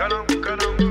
Canam, on.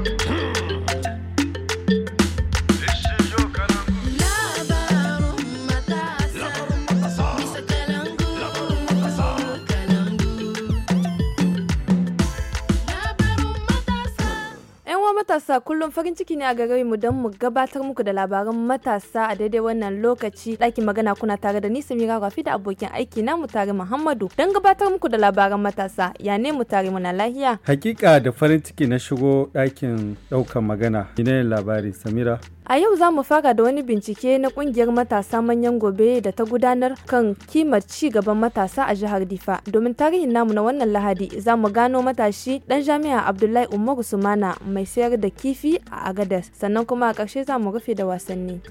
matasa kullum farin ciki ne a gare mu don mu gabatar muku da labaran matasa a daidai wannan lokaci ɗakin magana kuna tare da ni Samira Rafi da abokin aiki na tare Muhammadu don gabatar muku da labaran matasa ya ne mu tare muna lahiya. Hakika da farin ciki na shigo dakin ɗaukan magana. ne labari Samira. A yau za mu fara da wani bincike na kungiyar matasa manyan gobe da ta gudanar kan kimar ci gaban matasa a jihar Difa. Domin tarihin namu na wannan Lahadi za mu gano matashi dan jami'a Abdullahi Umaru Sumana mai sayar da kifi a Agadas. Sannan kuma a ƙarshe za mu rufe da wasanni.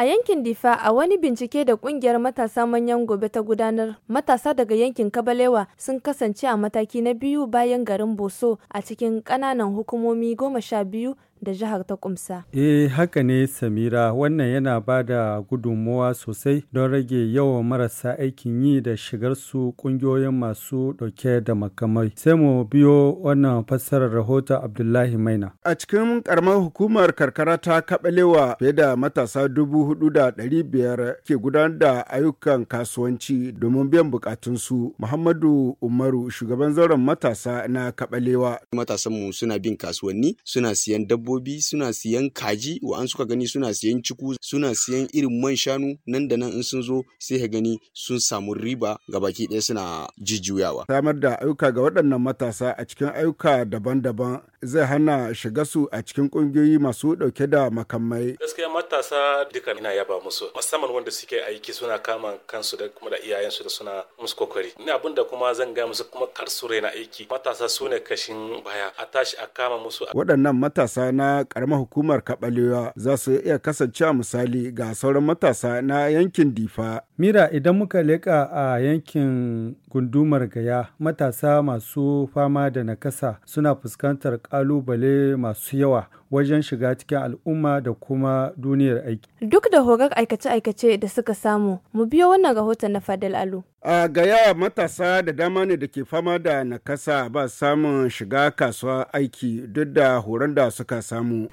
A yankin Difa a wani bincike da kungiyar matasa manyan gobe ta gudanar, matasa daga yankin Kabalewa sun kasance a mataki na biyu bayan garin Boso a cikin ƙananan hukumomi goma sha biyu da jihar ta kumsa. e haka ne Samira wannan yana ba da gudunmuwa sosai don rage yawan marasa aikin yi da shigar su kungiyoyin masu dauke da makamai. Sai mu biyo wannan fassarar rahoton Abdullahi Maina. A cikin karamar hukumar karkara ta kabalewa fiye da matasa dubu hudu da ɗari biyar ke gudanar da ayyukan kasuwanci domin biyan bukatunsu. Muhammadu Umaru shugaban zauren matasa na kabalewa. Matasanmu suna bin kasuwanni suna siyan dabbobi dabbobi suna siyan kaji wa'an suka gani suna siyan ciku suna siyan irin man shanu nan da nan in sun zo sai ka gani sun samu riba ga baki ɗaya suna jijjuyawa. Samar da ayyuka ga waɗannan matasa a cikin ayyuka daban-daban zai hana shiga su a cikin kungiyoyi masu dauke da makamai. Gaskiya matasa duka ina yaba musu musamman wanda suke aiki suna kama kansu da kuma da iyayensu da suna musu kokari. Ni abin da kuma zan ga musu kuma kar su raina aiki matasa su ne kashin baya a tashi a kama musu. Waɗannan matasa na karamar hukumar Kabalewa za su iya kasance misali ga sauran matasa na yankin Difa. Mira idan muka leƙa a yankin gundumar gaya matasa masu fama da nakasa suna fuskantar ƙalubale masu yawa wajen shiga cikin al'umma da kuma duniyar aiki. Duk da horar aikace-aikace da suka samu, mu biyo wannan rahoton na fadal Alu. A gaya matasa da dama ne da ke fama da nakasa ba samun shiga kasuwa aiki duk da horon da suka samu.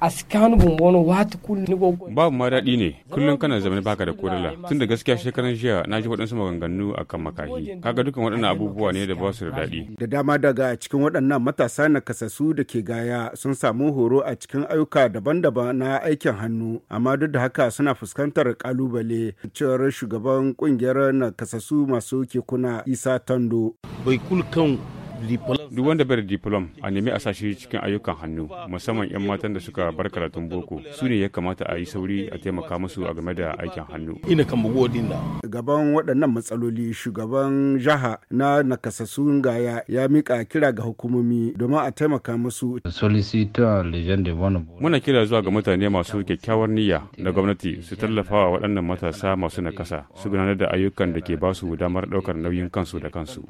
Babu ma daɗi ne, kullum kana zama baka da kurila. Tun da gaskiya shekaran jiya na ji waɗansu maganganu a kan makahi. Kaga dukan waɗannan abubuwa ne da ba su da daɗi. Da dama daga cikin waɗannan matasa nakasassu da ke gaya sun samu horo a cikin ayyuka daban-daban na aikin hannu amma duk da haka suna fuskantar kalubale cewar shugaban kungiyar nakasassu masu kekuna isa tando bai kulkan Duk wanda bai da diplom a nemi a sashi cikin ayyukan hannu musamman 'yan matan da suka bar karatun boko su ne ya kamata a yi sauri a taimaka musu a game da aikin hannu. Ina kan Gaban waɗannan matsaloli shugaban jaha na nakasassun gaya ya mika kira ga hukumomi domin a taimaka musu. Muna kira zuwa ga mutane masu kyakkyawar niyya na gwamnati su tallafa wa waɗannan matasa masu nakasa su gudanar da ayyukan da ke ba su damar ɗaukar nauyin kansu da kansu.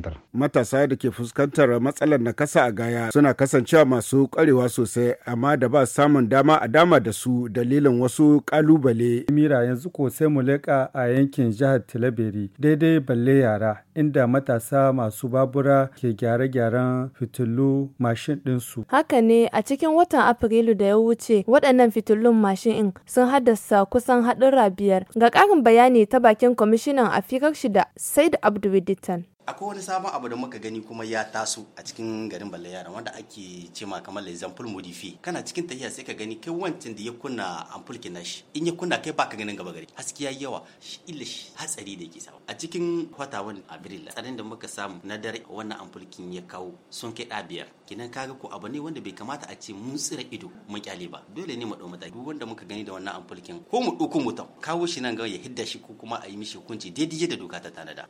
makarantar. Matasa da ke fuskantar matsalar nakasa a gaya suna kasancewa masu ƙwarewa sosai amma da ba samun dama a dama da su dalilin wasu ƙalubale Mira yanzu ko sai mu leƙa a yankin jihar Tilaberi daidai balle yara inda matasa masu babura ke gyare-gyaren fitilu mashin ɗinsu. Haka ne a cikin watan Afrilu da ya wuce waɗannan fitilun mashin ɗin sun haddasa kusan haɗin biyar. Ga ƙarin bayani ta bakin kwamishinan afikar shida Said Abdulwaditan. akwai wani sabon abu da muka gani kuma ya taso a cikin garin balle yaran wanda ake ce ma kamar example modifi kana cikin tahiya sai ka gani kai wancan da ya kunna ampul shi in ya kunna kai baka ganin gaba gari haske yayi yawa illa hatsari da yake samu a cikin wani abril tsarin da muka samu na dare wannan ampul ya kawo sun kai biyar kenan kaga ko abu ne wanda bai kamata a ce mun tsira ido mu kyale ba dole ne mu ɗau mataki duk wanda muka gani da wannan ampul ko mu dauko mutum kawo shi nan ga ya hidda shi ko kuma a yi mishi hukunci daidai da doka ta tanada.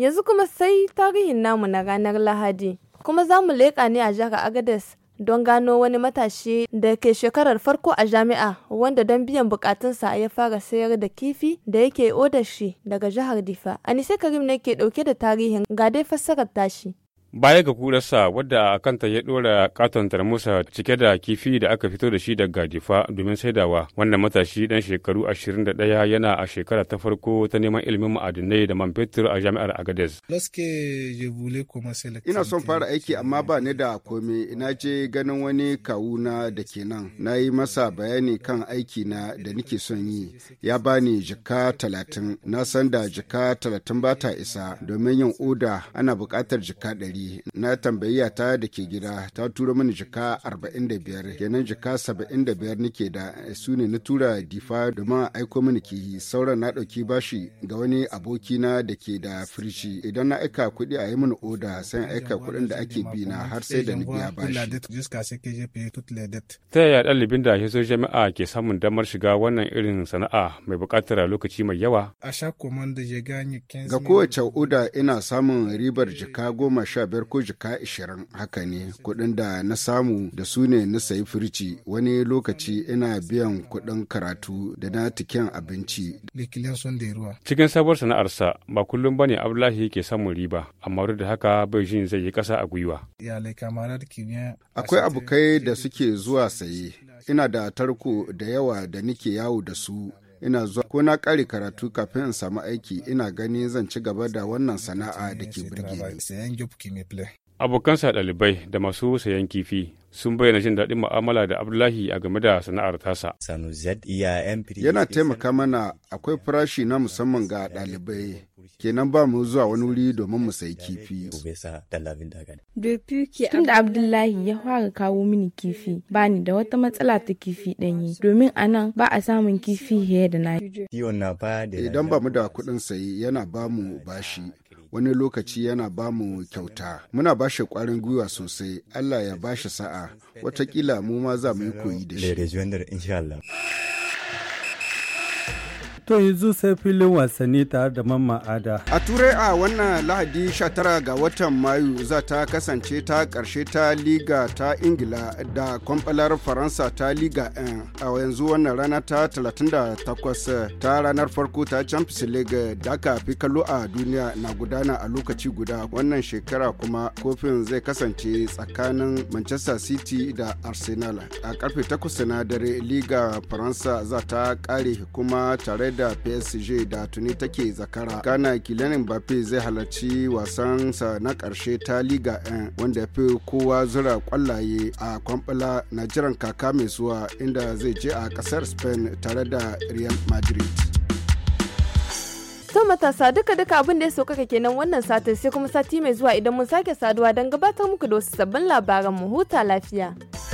Yanzu kuma sai tarihin namu na ranar Lahadi, kuma za mu leƙa ne a jihar Agadez don gano wani matashi da ke shekarar farko a jami'a wanda don biyan bukatunsa ya fara sayar da kifi da yake odar shi daga jihar Difa. Anise Karim ne ke dauke da tarihin ga dai fassarar tashi. Baya ga kurarsa wadda a kanta ya ɗora katon musa cike da kifi da aka fito da shi daga difa domin saidawa wannan matashi dan shekaru 21 yana a shekara ta farko ta neman ilimin ma'adinai da man fetur a jami'ar Agadez. Ina son fara aiki amma ba ni da komai ina je ganin wani kawuna da ke nan na yi masa bayani kan aiki na da nike son yi ya bani jika talatin na san da jika talatin ba ta isa domin yin oda ana bukatar jika ɗari hankali na tambayiya ta da ke gida ta tura mini jika 45 kenan jika 75 nake da su ne na tura difa domin aiko mini ke sauran na ɗauki bashi ga wani abokina da ke da firci idan na aika kuɗi a yi mini oda sai aika kuɗin da ake bi na har sai da ni biya bashi. Ta yaya ɗalibin da ya jami'a ke samun damar shiga wannan irin sana'a mai buƙatar lokaci mai yawa? Ga kowace oda ina samun ribar jika goma sha biyar ko jika ashirin haka ne kuɗin da na samu da su ne na sayi firci wani lokaci ina biyan kuɗin karatu da na tikin abinci. Cikin sabuwar sana'arsa ba kullum ba bane Abdullahi ke samun riba amma da haka Beijing zai yi ƙasa a gwiwa. Akwai abokai da suke zuwa saye ina da tarko da yawa da nike yawo da su ina zuwa ko na ƙare karatu kafin in samu aiki ina ganin zan ci gaba da wannan sana'a da ke birge ni. Abokansa ɗalibai da masu sayan kifi sun bayyana jin daɗin mu'amala da Abdullahi a game da sana'ar tasa. E Yana taimaka mana akwai farashi na musamman ga ɗalibai kenan ba mu zuwa wani wuri domin mu sayi kifi. Tun da Abdullahi ya fara kawo mini kifi, ba ni da wata matsala ta kifi ɗanye, domin a nan ba a samun kifi fiye da na. Idan ba mu da kuɗin sayi yana ba mu bashi. Wani lokaci yana ba mu kyauta, muna ba shi ƙwarin gwiwa sosai, Allah ya ba shi sa'a, watakila mu ma za mu yi koyi da shi. To yanzu sai filin wasanni tare da mamma ada. A turai a wannan lahadi 19 ga watan Mayu za ta kasance ta karshe ta Liga ta Ingila da kwamfalar Faransa ta Liga 1 a yanzu wannan rana ta 38 ta ranar farko ta Champions League da aka fi kallo a duniya na gudana a lokaci guda wannan shekara kuma kofin zai kasance tsakanin Manchester City da Arsenal. A karfe 8 na dare Liga Faransa za ta kare kuma tare da da PSG da tuni take zakara. Ghana Kylian Mbappe zai halarci wasan sa na karshe ta Liga 1 wanda fi kowa zura kwallaye a kwambala na jiran kaka mai zuwa inda zai je a kasar Spain tare da Real Madrid. To matasa duka duka abin da ya ka kenan wannan satin sai kuma sati mai zuwa idan mun sake saduwa don gabatar muku da wasu sabbin labaran mu huta lafiya.